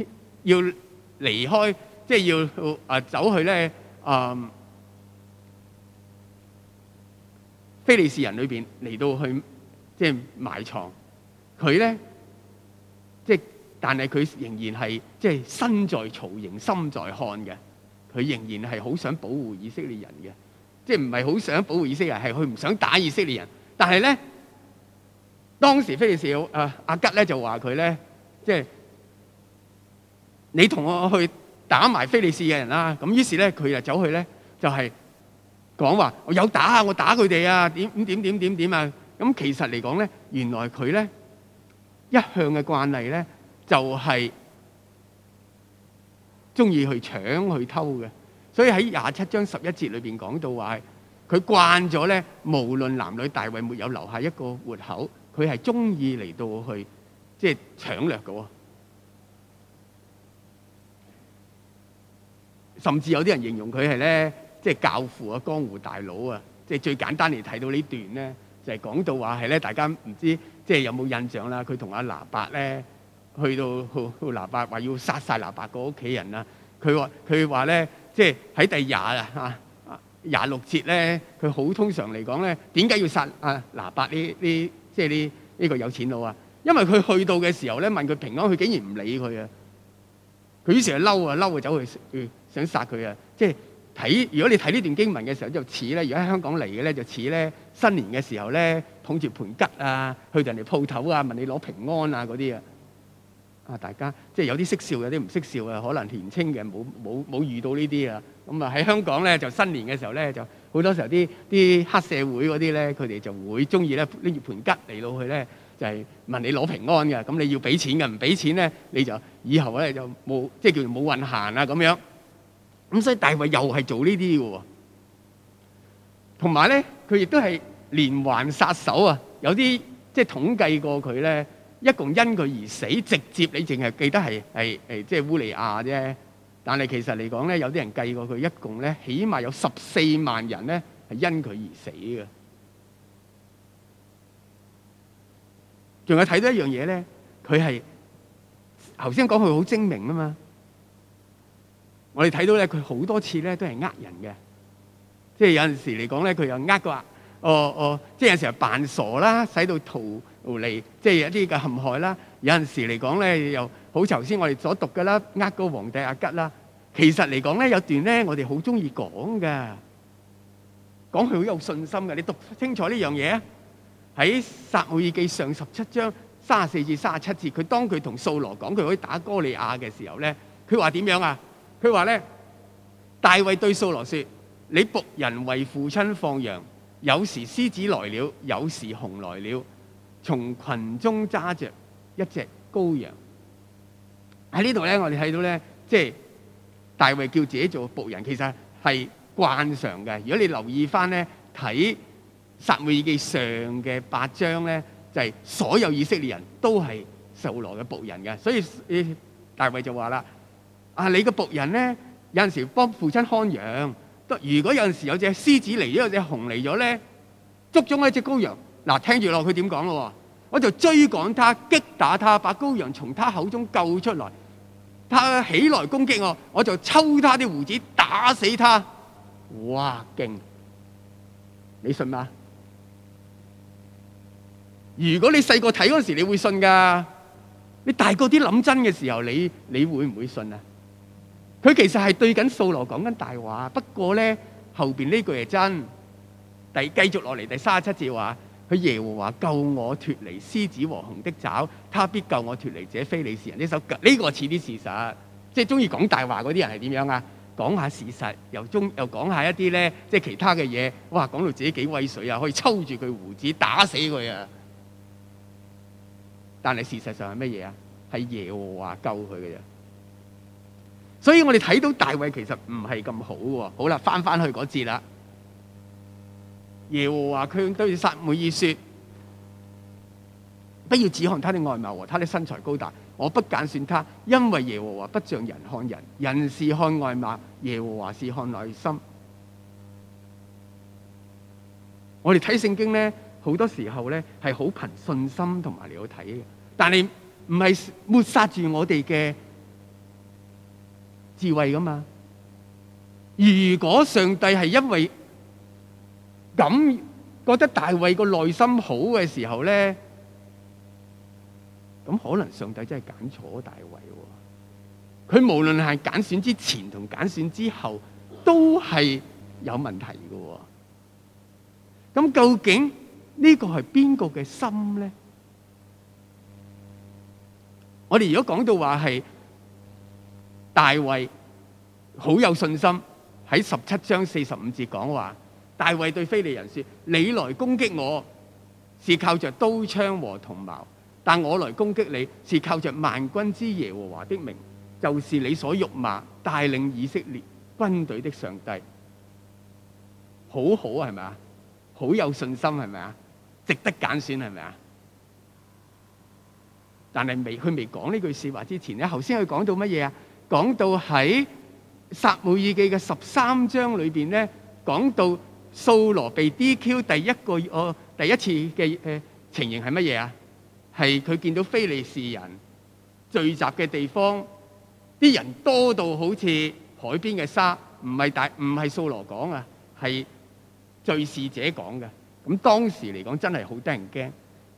要離開，即係要啊走去咧，嗯，非利士人裏邊嚟到去。即、就、係、是、即係埋藏，佢咧即係，但係佢仍然係即係身在曹營心在漢嘅，佢仍然係好想保護以色列人嘅，即係唔係好想保護以色列人，係佢唔想打以色列人。但係咧，當時非利士啊阿吉咧就話佢咧，即、就、係、是、你同我去打埋非利士嘅人啦，啊。咁於是咧，佢就走去咧，就係講話我有打啊，我打佢哋啊，點點點點點啊。咁其實嚟講咧，原來佢咧一向嘅慣例咧，就係中意去搶去偷嘅，所以喺廿七章十一節裏邊講到話係佢慣咗咧，無論男女大衞沒有留下一個活口，佢係中意嚟到去即係搶掠㗎，甚至有啲人形容佢係咧即係教父啊、江湖大佬啊，即係最簡單嚟睇到呢段咧。就係講到話係咧，大家唔知即係有冇印象啦？佢同阿拿伯咧去到去拿伯話要殺晒拿伯個屋企人啊！佢話佢話咧，即係喺第廿啊廿六節咧，佢好通常嚟講咧，點解要殺啊拿伯呢？呢即係呢呢個有錢佬啊！因為佢去到嘅時候咧，問佢平安，佢竟然唔理佢啊！佢於是就嬲啊嬲啊，走去想殺佢啊！即係。睇如果你睇呢段經文嘅時候，就似咧；如果喺香港嚟嘅咧，就似咧新年嘅時候咧，捧住盤吉啊，去人哋鋪頭啊，問你攞平安啊嗰啲啊。啊，大家即係有啲識笑，有啲唔識笑啊。可能年青嘅冇冇冇遇到呢啲啊。咁啊喺香港咧就新年嘅時候咧，就好多時候啲啲黑社會嗰啲咧，佢哋就會鍾意咧拎住盤吉嚟到去咧，就係問你攞平安嘅。咁你要俾錢嘅，唔俾錢咧，你就以後咧就冇即係叫做冇運行啊咁樣。咁所以大衛又係做這些呢啲嘅喎，同埋咧佢亦都係連環殺手啊！有啲即係統計過佢咧，一共因佢而死，直接你淨係記得係係係即係烏利亞啫。但係其實嚟講咧，有啲人計過佢一共咧，起碼有十四萬人咧係因佢而死嘅。仲有睇到一樣嘢咧，佢係頭先講佢好精明啊嘛。我哋睇到咧，佢好多次咧都係呃人嘅。即係有陣時嚟講咧，佢又呃佢話，哦哦，即係有時候扮傻啦，使到逃逃離，即係有啲嘅陷害啦。有陣時嚟講咧，又好頭先我哋所讀嘅啦，呃個皇帝阿吉啦。其實嚟講咧，有段咧我哋好中意講嘅，講佢好有信心嘅。你讀清楚呢樣嘢喺《撒母耳記》上十七章三十四至三十七節，佢當佢同掃羅講佢可以打哥利亞嘅時候咧，佢話點樣啊？佢話咧，大衛對掃羅説：你僕人為父親放羊，有時獅子來了，有時熊來了，從群中揸着一隻羔羊。喺呢度咧，我哋睇到咧，即係大衛叫自己做僕人，其實係慣常嘅。如果你留意翻咧，睇撒母耳記上嘅八章咧，就係所有以色列人都係掃羅嘅僕人嘅。所以大衛就話啦。啊！你個僕人咧，有陣時幫父親看羊。得如果有陣時有隻獅子嚟咗，有隻熊嚟咗咧，捉中一隻羔羊。嗱，聽住落佢點講咯喎，我就追趕他，擊打他，把羔羊從他口中救出來。他起來攻擊我，我就抽他啲鬍子，打死他。哇！勁，你信嗎？如果你細個睇嗰時，你會信㗎。你大個啲諗真嘅時候，你你會唔會信啊？佢其實係對緊掃羅講緊大話，不過呢，後邊呢句係真。第繼續落嚟第三十七節話：佢耶和華救我脫離獅子和熊的爪，他必救我脫離者非利士人的手。呢首呢個似啲事實，即係中意講大話嗰啲人係點樣啊？講下事實，又中又講下一啲呢，即係其他嘅嘢。哇，講到自己幾威水啊！可以抽住佢鬍子打死佢啊！但係事實上係乜嘢啊？係耶和華救佢嘅啫。所以我哋睇到大衛其實唔係咁好喎，啊。好啦，翻翻去嗰節啦。耶和華佢對撒母耳說：不要只看他的外貌和他的身材高大，我不揀選算他，因為耶和華不像人看人，人是看外貌，耶和華是看內心。我哋睇聖經咧，好多時候咧係好憑信心同埋你嚟睇嘅，但係唔係抹殺住我哋嘅。智慧噶嘛？如果上帝係因為咁覺得大衛個內心好嘅時候咧，咁可能上帝真係揀錯大衛喎。佢無論係揀選之前同揀選之後都係有問題噶。咁究竟呢個係邊個嘅心咧？我哋如果講到話係。大衛好有信心喺十七章四十五節講話，大衛對非利人說：你來攻擊我是靠着刀槍和銅矛，但我來攻擊你是靠着萬軍之耶和華的名，就是你所辱罵帶領以色列軍隊的上帝。好好係咪啊？好有信心係咪啊？值得揀選係咪啊？但係未佢未講呢句說話之前咧，頭先佢講到乜嘢啊？講到喺撒母耳記嘅十三章裏邊咧，講到掃羅被 DQ 第一個哦，第一次嘅嘅情形係乜嘢啊？係佢見到非利士人聚集嘅地方，啲人多到好似海邊嘅沙，唔係大，唔係掃羅講啊，係敘事者講嘅。咁當時嚟講真係好得人驚，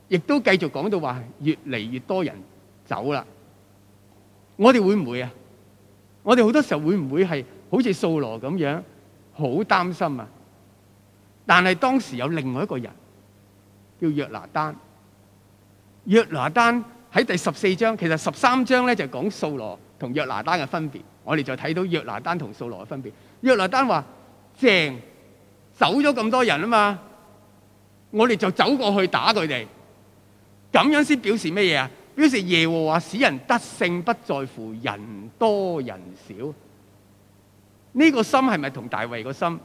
亦都繼續講到話越嚟越多人走啦。我哋會唔會啊？我哋好多時候會唔會係好似掃羅咁樣好擔心啊？但係當時有另外一個人叫約拿單，約拿單喺第十四章，其實十三章咧就講掃羅同約拿單嘅分別，我哋就睇到約拿單同掃羅嘅分別。約拿單話：正走咗咁多人啊嘛，我哋就走過去打佢哋，咁樣先表示乜嘢啊？表示耶和華使人得勝，不在乎人多人少。呢、這個心係咪同大衛個心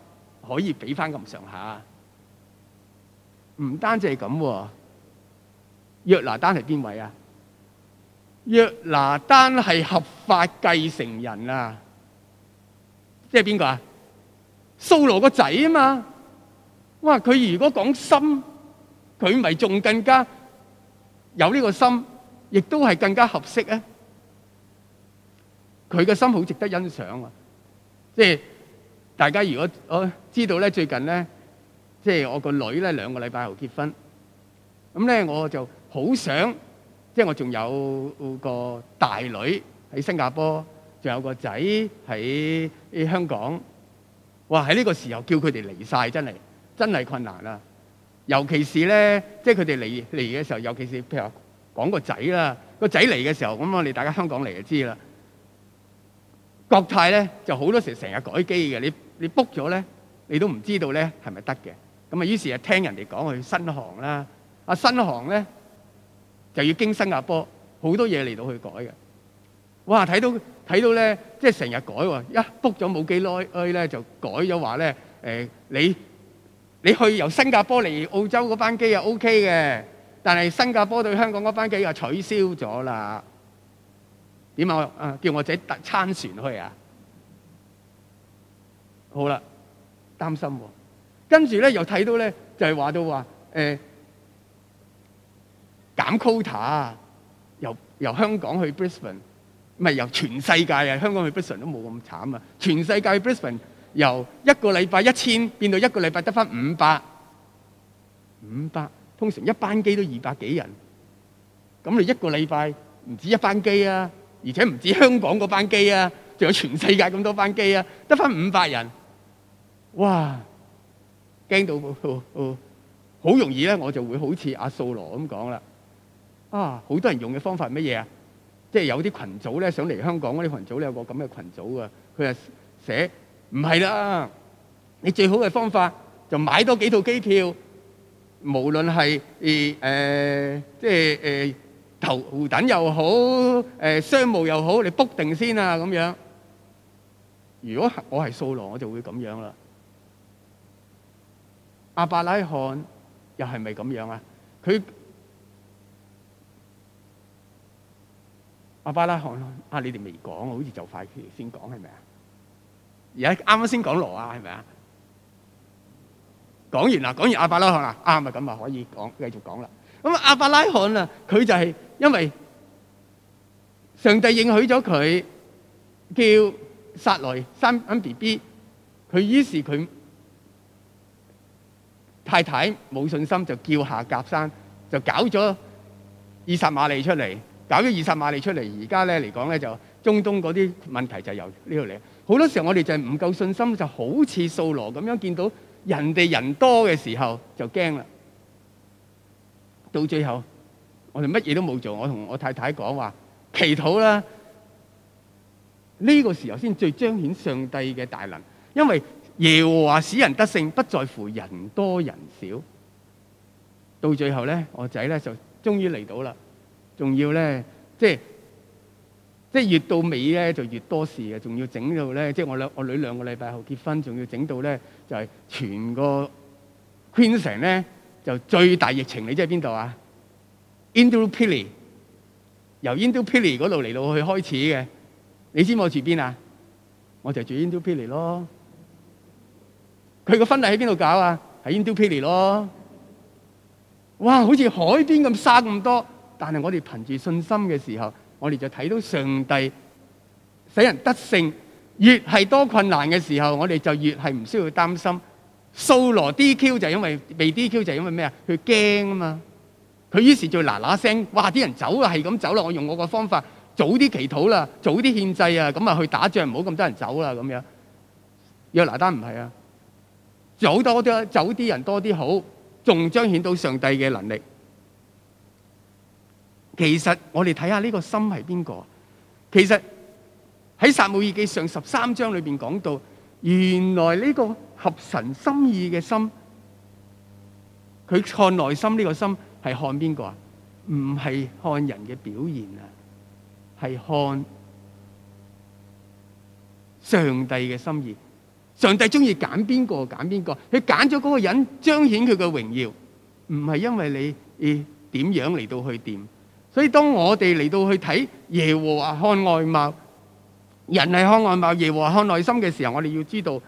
可以比翻咁上下？唔單止係咁，約拿單係邊位啊？約拿單係合法繼承人啊！即係邊個啊？掃羅個仔啊嘛！哇，佢如果講心，佢咪仲更加有呢個心？亦都係更加合適啊！佢嘅心好值得欣賞啊！即係大家如果我知道咧，最近咧，即係我個女咧兩個禮拜後結婚，咁咧我就好想，即係我仲有個大女喺新加坡，仲有個仔喺香港。哇！喺呢個時候叫佢哋離曬，真係真係困難啦，啊！尤其是咧，即係佢哋嚟嚟嘅時候，尤其是譬如話講個仔啦，個仔嚟嘅時候，咁我哋大家香港嚟就知啦。國泰呢，就好多時成日改機嘅，你你 book 咗呢，你都唔知道呢係咪得嘅。咁啊，於是啊聽人哋講去新航啦，啊新航呢，就要經新加坡，好多嘢嚟到去改嘅。哇！睇到睇到咧，即係成日改喎，一 book 咗冇幾耐呢，就改咗話呢，誒，你你去由新加坡嚟澳洲嗰班機啊 OK 嘅但係新加坡對香港嗰班機又取消咗啦，點啊？啊，叫我自己搭餐船去啊！好啦，擔心喎、啊。跟住咧又睇到咧，就係、係話到話誒減 quota，由由香港去 Brisbane，唔係由全世界啊！香港去 Brisbane 都冇咁慘啊！全世界去 Brisbane 由一個禮拜一千變到一個禮拜得返五百，五百。通常一班機都二百幾人，咁你一個禮拜唔止一班機啊，而且唔止香港嗰班機啊，仲有全世界咁多班機啊，得返五百人，哇！驚到好容易咧，我就會好似阿素羅咁講啦。啊，好多人用嘅方法係乜嘢啊？即係有啲羣組咧，想嚟香港嗰啲羣組咧，有個咁嘅羣組噶，佢就寫，唔係啦，你最好嘅方法就買多幾套機票。無論係誒誒，即係誒頭等又好，誒商務又好，你 book 定先啊咁樣。如果係我係掃羅，我就會咁樣啦。亞伯拉罕又係咪咁樣啊？佢亞伯拉罕啊，你哋未講，好似就快先講，係咪啊？而家啱啱先講羅啊，係咪啊？講完啦，講完亞伯拉罕啦，啱咪咁咪可以講繼續講啦。咁亞伯拉罕啦，佢就係因為上帝應許咗佢叫撒萊生 BB，佢於是佢太太冇信心就叫下夾山，就搞咗以實瑪利出嚟，搞咗以實瑪利出嚟。而家咧嚟講咧就中東嗰啲問題就由呢度嚟。好多時候我哋就係唔夠信心，就好似掃羅咁樣見到。人哋人多嘅時候就驚啦，到最後我哋乜嘢都冇做，我同我太太講話祈禱啦，呢個時候先最彰顯上帝嘅大能，因為耶和華使人得勝，不在乎人多人少。到最後咧，我仔咧就終於嚟到啦，仲要咧即係即係越到尾咧就越多事嘅，仲要整到咧即係我兩我女兩個禮拜後結婚，仲要整到咧。就係、是、全個 Queen 城咧，就最大疫情，你知喺邊度啊？Indulpilly 由 Indulpilly 嗰度嚟到去開始嘅，你知我住邊啊？我就住 Indulpilly 咯。佢個婚禮喺邊度搞啊？喺 Indulpilly 咯。哇，好似海邊咁沙咁多，但係我哋憑住信心嘅時候，我哋就睇到上帝使人得勝。越係多困難嘅時候，我哋就越係唔需要擔心。掃羅 DQ 就因為被 DQ 就因為咩啊？佢驚啊嘛！佢於是就嗱嗱聲，哇！啲人走啦，係咁走啦。我用我個方法，早啲祈禱啦，早啲獻祭啊，咁啊去打仗，唔好咁多人走啦，咁樣。約拿單唔係啊，走多啲，走啲人多啲好，仲彰顯到上帝嘅能力。其實我哋睇下呢個心係邊個，其實。喺撒母耳記上十三章裏邊講到，原來呢個合神心意嘅心，佢看內心呢個心係看邊個啊？唔係看人嘅表現啊，係看上帝嘅心意。上帝中意揀邊個揀邊個，佢揀咗嗰個人彰顯佢嘅榮耀，唔係因為你誒點樣嚟到去掂。所以當我哋嚟到去睇耶和華看外貌。人係看外貌，耶和華看內心嘅時候，我哋要知道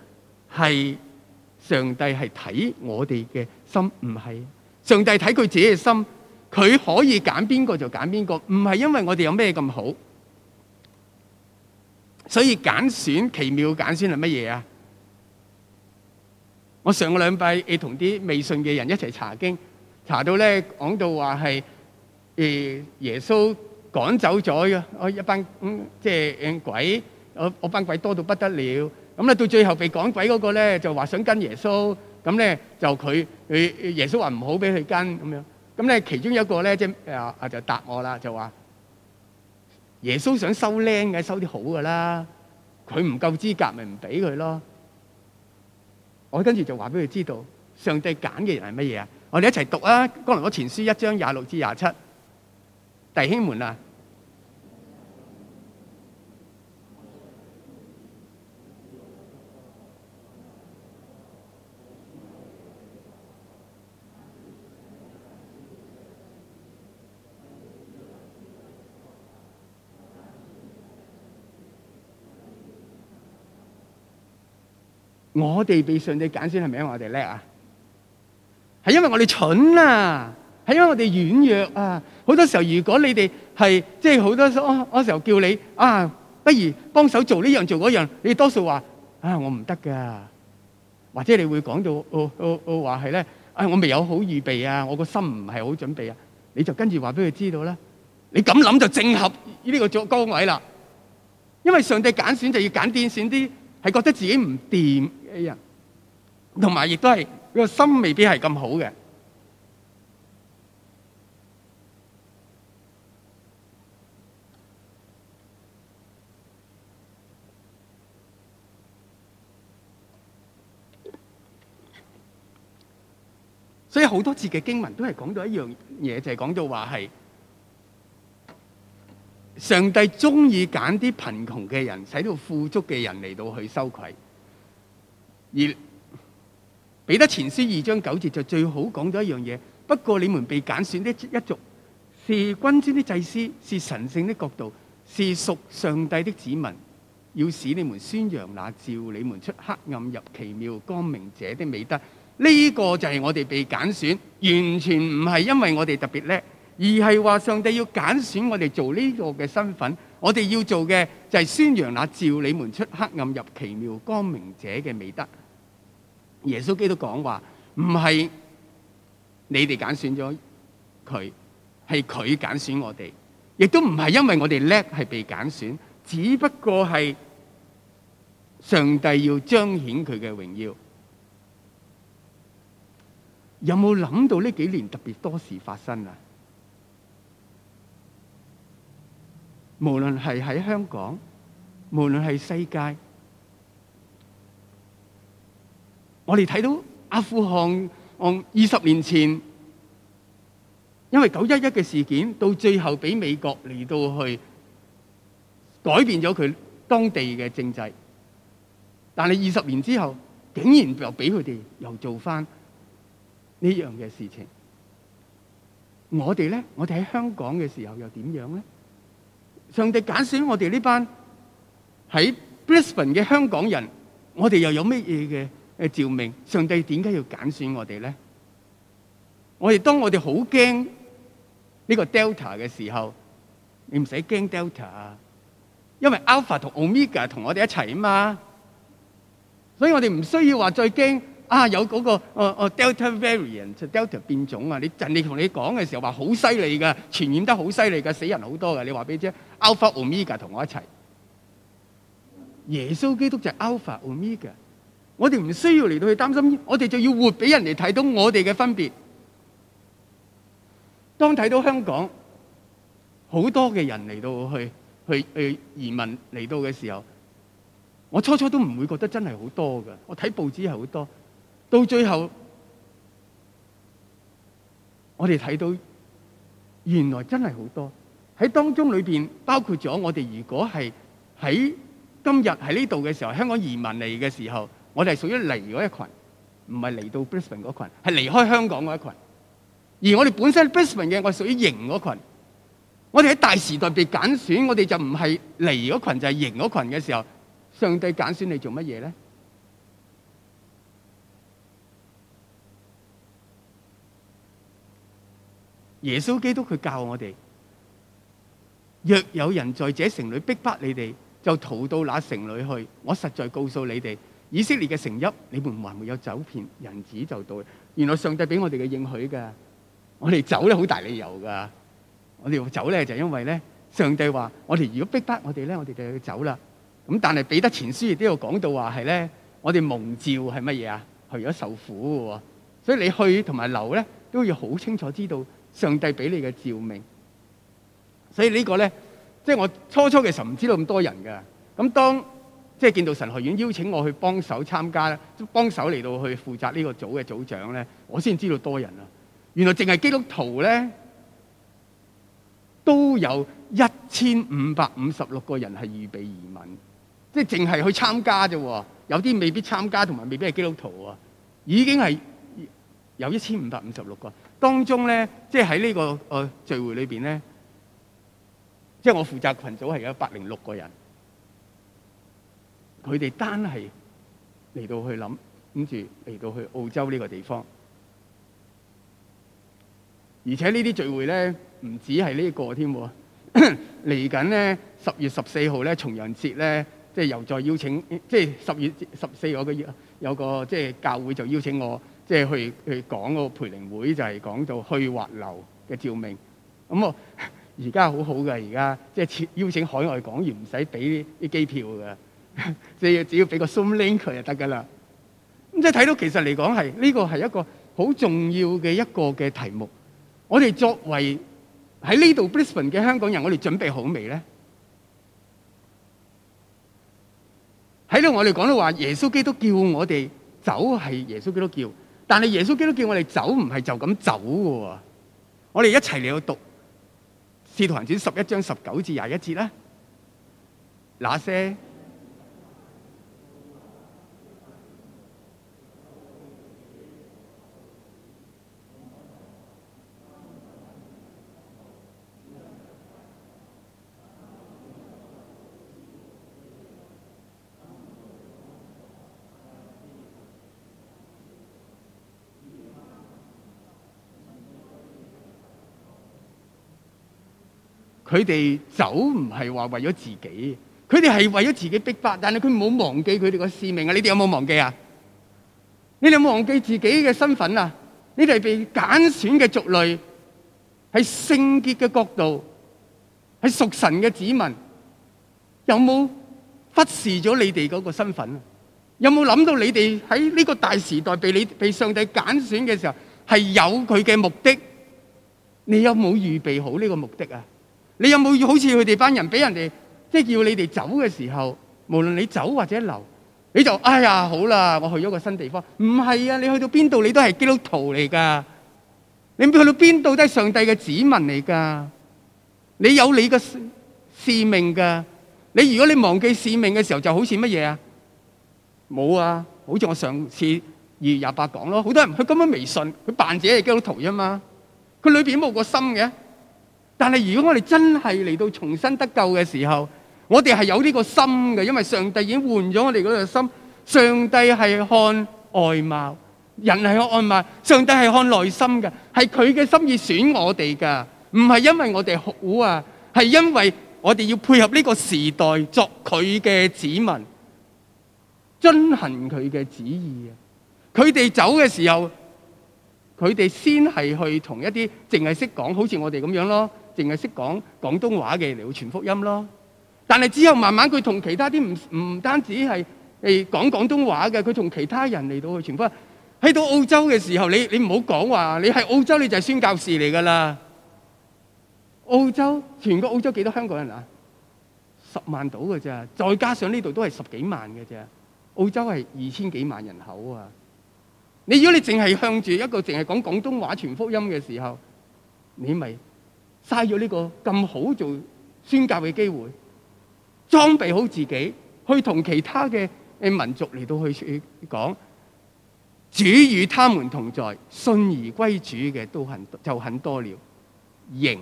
係上帝係睇我哋嘅心，唔係上帝睇佢自己嘅心。佢可以揀邊個就揀邊個，唔係因為我哋有咩咁好。所以揀選奇妙揀選係乜嘢啊？我上個禮拜你同啲未信嘅人一齊查經，查到咧講到話係誒耶穌趕走咗啊一班即係鬼。我我班鬼多到不得了，咁咧到最後被趕鬼嗰個咧就話想跟耶穌，咁咧就佢佢耶穌話唔好俾佢跟咁樣。咁咧其中一個咧即係啊就答我啦，就話耶穌想收靚嘅、收啲好嘅啦，佢唔夠資格咪唔俾佢咯。我跟住就話俾佢知道，上帝揀嘅人係乜嘢啊？我哋一齊讀啊，《哥林多前書》一章廿六至廿七，弟兄們啊！我哋被上帝揀選係咪因為我哋叻啊？係因為我哋蠢啊？係因為我哋軟弱啊？好多時候，如果你哋係即係好多嗰時候叫你啊，不如幫手做呢樣做嗰樣，你多數話啊我唔得噶，或者你會講到哦哦哦話係咧，啊我未有好預備啊，我個心唔係好準備啊，你就跟住話俾佢知道啦。你咁諗就正合呢個做崗位啦，因為上帝揀選就要揀揀選啲。係覺得自己唔掂嘅人，同埋亦都係個心未必係咁好嘅，所以好多次嘅經文都係講到一樣嘢，就係講到話係。上帝中意揀啲貧窮嘅人，使到富足嘅人嚟到去羞愧。而彼得前書二章九節就最好講咗一樣嘢。不過你們被揀選的一族，是君尊的祭司，是神聖的國度，是屬上帝的子民，要使你們宣揚那照你們出黑暗入奇妙光明者的美德。呢、呢個就係我哋被揀選，完全唔係因為我哋特別叻。而係話上帝要揀選我哋做呢個嘅身份，我哋要做嘅就係宣揚那召你們出黑暗入奇妙光明者嘅美德。耶穌基督講話唔係你哋揀選咗佢，係佢揀選我哋，亦都唔係因為我哋叻係被揀選，只不過係上帝要彰顯佢嘅榮耀。有冇諗到呢幾年特別多事發生啊？無論係喺香港，無論係世界，我哋睇到阿富汗，二十年前因為九一一嘅事件，到最後俾美國嚟到去改變咗佢當地嘅政制，但係二十年之後，竟然又俾佢哋又做翻呢樣嘅事情。我哋咧，我哋喺香港嘅時候又點樣咧？上帝揀選我哋呢班喺 Brisbane 嘅香港人，我哋又有乜嘢嘅嘅召命？上帝點解要揀選我哋咧？我哋當我哋好驚呢個 Delta 嘅時候，你唔使驚 Delta，因為 Alpha 同 Omega 同我哋一齊啊嘛，所以我哋唔需要話再驚。啊！有嗰個、哦、哦、Delta variant，Delta 變種啊！你陣，你同你講嘅時候話好犀利㗎，傳染得好犀利㗎，死人好多㗎。你話俾我知，Alpha Omega 同我一齊。耶穌基督就係 Alpha Omega。我哋唔需要嚟到去擔心，我哋就要活俾人哋睇到我哋嘅分別。當睇到香港好多嘅人嚟到去去去移民嚟到嘅時候，我初初都唔會覺得真係好多㗎。我睇報紙係好多。到最後，我哋睇到原來真係好多喺當中裏邊，包括咗我哋。如果係喺今日喺呢度嘅時候，香港移民嚟嘅時候，我哋係屬於離嗰一群，唔係嚟到 Brisbane 嗰群，係離開香港嗰一群。而我哋本身 Brisbane 嘅，我屬於贏嗰群。我哋喺大時代被揀選，我哋就唔係離嗰群，就係贏嗰群嘅時候，上帝揀選你做乜嘢咧？耶穌基督佢教我哋：若有人在這城裏逼迫你哋，就逃到那城裏去。我實在告訴你哋，以色列嘅城邑，你們還沒有走遍，人子就到。原來上帝俾我哋嘅應許㗎，我哋走咧好大理由噶。我哋要走咧，就因為咧，上帝話：我哋如果逼迫我哋咧，我哋就要走啦。咁但係彼得前書亦都有講到話係咧，我哋蒙召係乜嘢啊？去咗受苦嘅喎。所以你去同埋留咧，都要好清楚知道。上帝俾你嘅照明。所以呢個咧，即係我初初嘅時候唔知道咁多人噶。咁當即係見到神學院邀請我去幫手參加，幫手嚟到去負責呢個組嘅組長咧，我先知道多人啊。原來淨係基督徒咧，都有一千五百五十六個人係預備移民，即係淨係去參加啫。有啲未必參加，同埋未必係基督徒啊。已經係有一千五百五十六個人。當中咧，即係喺呢個誒聚會裏邊咧，即係我負責群組係有一百零六個人，佢哋單係嚟到去諗，諗住嚟到去澳洲呢個地方。而且呢啲聚會咧，唔止係呢個添喎。嚟緊咧，十月十四號咧，重陽節咧，即係又再邀請，即係十月十四號嘅，有個即係教會就邀請我。即係去去講個培靈會，就係講到去滑流嘅照明。咁我而家好好嘅，而家即係邀請海外講員，唔使俾啲機票嘅，即係只要俾個 Zoom link 佢就得㗎啦。咁即係睇到其實嚟講係呢個係一個好重要嘅一個嘅題目。我哋作為喺呢度 Brisbane 嘅香港人，我哋準備好未咧？喺度我哋講到話，耶穌基督叫我哋走，係耶穌基督叫。但係耶穌基督叫我哋走，唔係就咁走嘅喎。我哋一齊嚟到讀《使徒行傳》十一章十九至廿一節啦。那些佢哋走唔係話為咗自己，佢哋係為咗自己逼迫，但係佢冇忘記佢哋個使命啊！你哋有冇忘記啊？你哋有冇忘記自己嘅身份啊？你哋係被揀選嘅族類，喺聖潔嘅角度，喺屬神嘅子民，有冇忽視咗你哋嗰個身份？有冇諗到你哋喺呢個大時代被你被上帝揀選嘅時候，係有佢嘅目的？你有冇預備好呢個目的啊？你有冇好似佢哋班人俾人哋即係要你哋走嘅時候，無論你走或者留，你就哎呀好啦，我去咗個新地方。唔係啊，你去到邊度你都係基督徒嚟噶，你去到邊度都係上帝嘅子民嚟噶。你有你嘅使命噶。你如果你忘記使命嘅時候，就好似乜嘢啊？冇啊，好似我上次二月廿八講咯，好多人佢根本迷信，佢扮者係基督徒啫嘛，佢裏邊冇個心嘅。但係，如果我哋真係嚟到重新得救嘅時候，我哋係有呢個心嘅，因為上帝已經換咗我哋嗰個心。上帝係看外貌，人係看外貌；上帝係看內心嘅，係佢嘅心意選我哋噶，唔係因為我哋好啊，係因為我哋要配合呢個時代，作佢嘅子民，遵行佢嘅旨意啊！佢哋走嘅時候，佢哋先係去同一啲淨係識講，好似我哋咁樣咯。淨係識講廣東話嘅嚟去傳福音咯，但係之後慢慢佢同其他啲唔唔單止係係講廣東話嘅，佢同其他人嚟到去傳福音。喺到澳洲嘅時候，你你唔好講話，你喺澳洲你就係宣教士嚟㗎啦。澳洲，全個澳洲幾多香港人啊？十萬到㗎啫，再加上呢度都係十幾萬嘅啫。澳洲係二千幾萬人口啊！如果你淨係向住一個淨係講廣東話傳福音嘅時候，你咪～嘥咗呢個咁好做宣教嘅機會，裝備好自己去同其他嘅誒民族嚟到去去講，主與他們同在，信而歸主嘅都很就很多了。仍，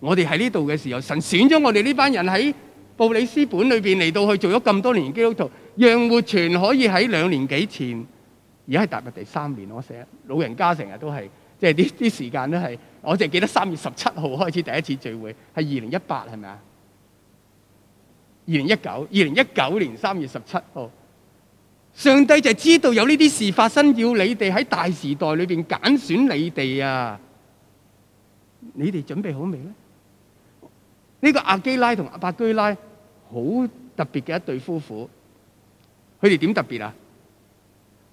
我哋喺呢度嘅時候，神選咗我哋呢班人喺布里斯本裏邊嚟到去做咗咁多年基督徒，讓活全可以喺兩年幾前，而家係踏入第三年。我寫老人家成日都係。即係呢啲時間咧係，我凈係記得三月十七號開始第一次聚會，係二零一八係咪啊？二零一九，二零一九年三月十七號，上帝就知道有呢啲事發生，要你哋喺大時代裏邊揀選你哋啊！你哋準備好未咧？呢個阿基拉同阿伯居拉好特別嘅一對夫婦，佢哋點特別啊？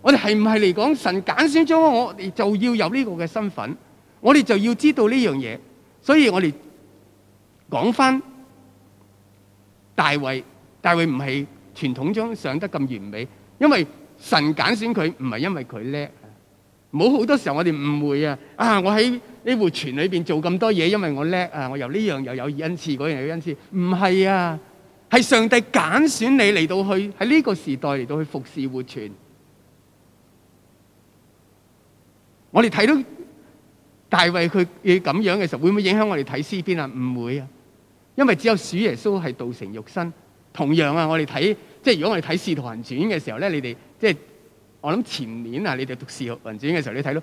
我哋係唔係嚟講神揀選咗我哋就要有呢個嘅身份？我哋就要知道呢樣嘢。所以我哋講翻大衛，大衛唔係傳統中想得咁完美，因為神揀選佢唔係因為佢叻。唔好好多時候我哋誤會啊！啊，我喺呢活泉裏邊做咁多嘢，因為我叻啊！我由呢樣又有恩賜，嗰樣有恩賜，唔係啊，係上帝揀選你嚟到去喺呢個時代嚟到去服侍活泉。我哋睇到大衛佢咁樣嘅時候，會唔會影響我哋睇詩篇啊？唔會啊，因為只有主耶穌係道成肉身。同樣啊，我哋睇即係如果我哋睇《使徒行傳》嘅時候咧，你哋即係我諗前年啊，你哋讀《使徒行傳》嘅時候，你睇到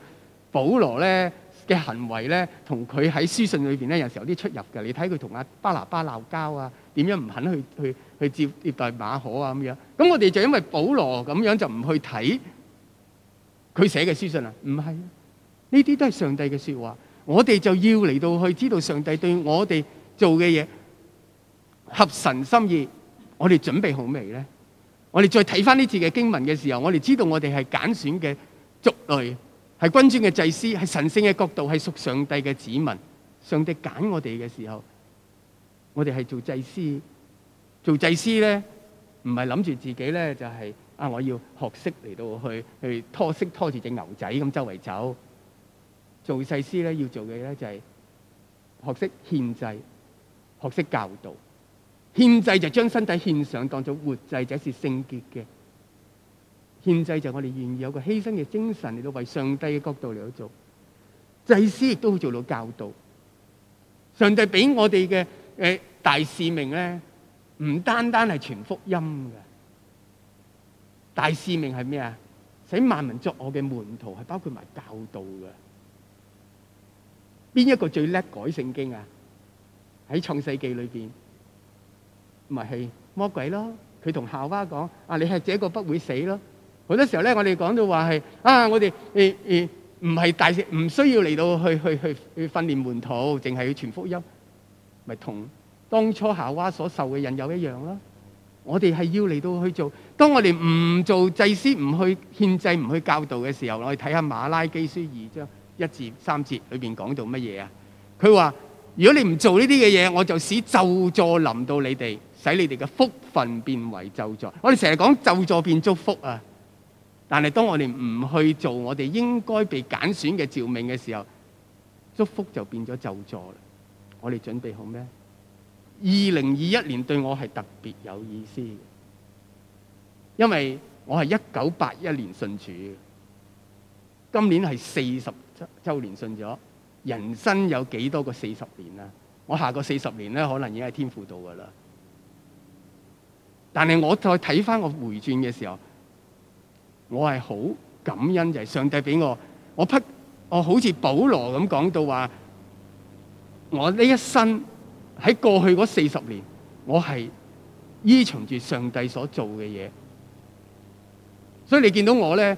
保羅咧嘅行為咧，同佢喺書信裏邊咧，有時候有啲出入嘅。你睇佢同阿巴拿巴鬧交啊，點樣唔肯去去去接接待馬可啊咁樣。咁我哋就因為保羅咁樣就唔去睇佢寫嘅書信啊？唔係。呢啲都係上帝嘅說話，我哋就要嚟到去知道上帝對我哋做嘅嘢，合神心意。我哋準備好未呢？我哋再睇翻呢次嘅經文嘅時候，我哋知道我哋係揀選嘅族類，係君尊嘅祭司，係神聖嘅角度，係屬上帝嘅子民。上帝揀我哋嘅時候，我哋係做祭司。做祭司呢，唔係諗住自己呢，就係啊，我要學識嚟到去去拖息拖住隻牛仔咁周圍走。做祭師咧，要做嘅咧就係學識獻祭，學識教導。獻祭就將身體獻上，當做活祭，者是聖祭就是聖潔嘅。獻祭就我哋願意有個犧牲嘅精神嚟到為上帝嘅角度嚟到做。祭師亦都做到教導。上帝俾我哋嘅誒大使命咧，唔單單係傳福音嘅。大使命係咩啊？使萬民作我嘅門徒，係包括埋教導嘅。邊一個最叻改聖經啊？喺創世紀裏邊，咪係魔鬼咯？佢同夏娃講：啊，你係這個不會死咯。好多時候咧，我哋講到話係啊，我哋誒誒唔係大聖，唔需要，嚟到去去去去訓練門徒，淨係去傳福音，咪同當初夏娃所受嘅引誘一樣咯。我哋係要嚟到去做。當我哋唔做祭司，唔去獻祭，唔去教導嘅時候，我哋睇下馬拉基書二章。一至三節裏邊講到乜嘢啊？佢話：如果你唔做呢啲嘅嘢，我就使咒詛臨到你哋，使你哋嘅福分變為咒詛。我哋成日講咒詛變祝福啊，但係當我哋唔去做我哋應該被揀選嘅召命嘅時候，祝福就變咗咒詛啦。我哋準備好咩？二零二一年對我係特別有意思，因為我係一九八一年信主，今年係四十周年信咗，人生有幾多個四十年啊？我下個四十年咧，可能已經係天父到噶啦。但係我再睇翻我回轉嘅時候，我係好感恩，就係上帝俾我，我我好似保羅咁講到話，我呢一生喺過去嗰四十年，我係依從住上帝所做嘅嘢。所以你見到我咧？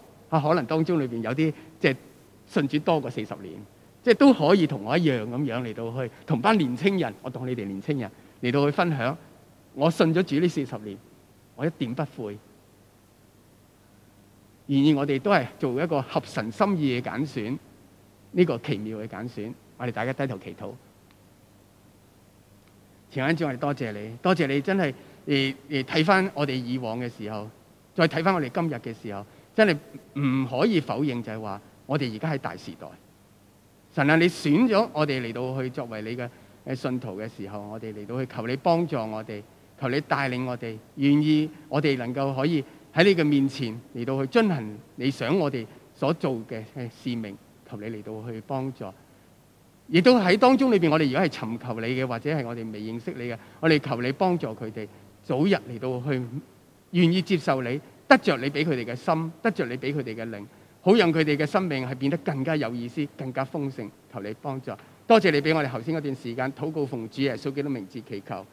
啊，可能當中裏邊有啲即係信主多過四十年，即係都可以同我一樣咁樣嚟到去同班年青人，我當你哋年青人嚟到去分享。我信咗主呢四十年，我一點不悔。然而我哋都係做一個合神心意嘅揀選，呢個奇妙嘅揀選。我哋大家低頭祈禱。前一陣我哋多謝你，多謝你真係誒誒睇翻我哋以往嘅時候，再睇翻我哋今日嘅時候。真係唔可以否認，就係話我哋而家喺大時代。神啊，你選咗我哋嚟到去作為你嘅誒信徒嘅時候，我哋嚟到去求你幫助我哋，求你帶領我哋，願意我哋能夠可以喺你嘅面前嚟到去遵行你想我哋所做嘅使命，求你嚟到去幫助。亦都喺當中裏面，我哋如果係尋求你嘅，或者係我哋未認識你嘅，我哋求你幫助佢哋，早日嚟到去願意接受你。得着你俾佢哋嘅心，得着你俾佢哋嘅靈，好讓佢哋嘅生命係變得更加有意思，更加豐盛。求你幫助，多謝你俾我哋頭先嗰段時間禱告，奉主耶穌基督的名字，祈求。